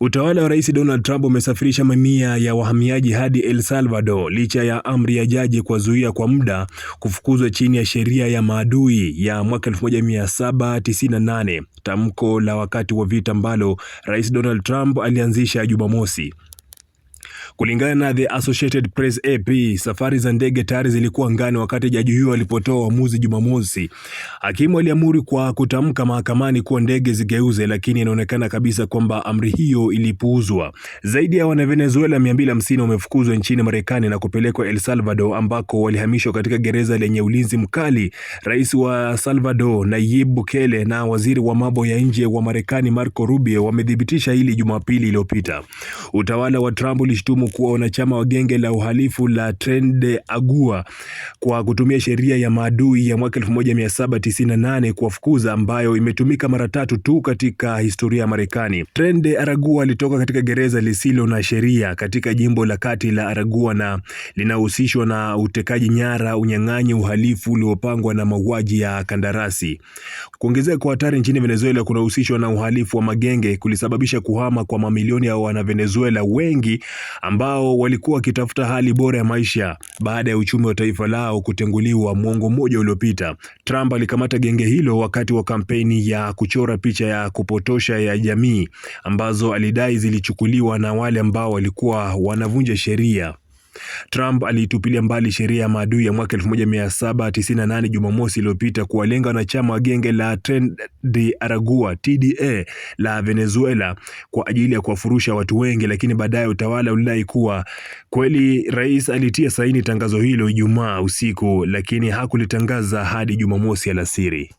Utawala wa Rais Donald Trump umesafirisha mamia ya wahamiaji hadi El Salvador licha ya amri ya jaji kuwazuia kwa muda kufukuzwa chini ya sheria ya maadui ya mwaka 1798, tamko la wakati wa vita ambalo Rais Donald Trump alianzisha Jumamosi. Kulingana na The Associated Press AP, safari za ndege tayari zilikuwa ngani wakati jaji huyo alipotoa uamuzi Jumamosi. Hakimu aliamuri kwa kutamka mahakamani kuwa ndege zigeuze, lakini inaonekana kabisa kwamba amri hiyo ilipuuzwa. Zaidi ya Wanavenezuela 250 wamefukuzwa nchini Marekani na kupelekwa El Salvador ambako walihamishwa katika gereza lenye ulinzi mkali. Rais wa Salvador Nayib Bukele na waziri wa mambo ya nje wa Marekani Marco Rubio wamethibitisha hili Jumapili iliyopita. Utawala wa Trump ulishtumu alishutumu kuwa wanachama wa genge la uhalifu la Tren Agua kwa kutumia sheria ya maadui ya mwaka 1798 kuwafukuza, ambayo imetumika mara tatu tu katika historia ya Marekani. Tren Aragua alitoka katika gereza lisilo na sheria katika jimbo la kati la Aragua na linahusishwa na utekaji nyara, unyang'anyi, uhalifu uliopangwa na mauaji ya kandarasi. Kuongezeka kwa hatari nchini Venezuela kunahusishwa na uhalifu wa magenge kulisababisha kuhama kwa mamilioni ya Wanavenezuela wengi ambao walikuwa wakitafuta hali bora ya maisha baada ya uchumi wa taifa lao kutenguliwa mwongo mmoja uliopita. Trump alikamata genge hilo wakati wa kampeni ya kuchora picha ya kupotosha ya jamii ambazo alidai zilichukuliwa na wale ambao walikuwa wanavunja sheria. Trump aliitupilia mbali sheria ya maadui ya mwaka 1798 Jumamosi iliyopita kuwalenga wanachama wa genge la Tren de Aragua TDA la Venezuela kwa ajili ya kuwafurusha watu wengi, lakini baadaye utawala ulidai kuwa kweli rais alitia saini tangazo hilo Ijumaa usiku, lakini hakulitangaza hadi Jumamosi alasiri.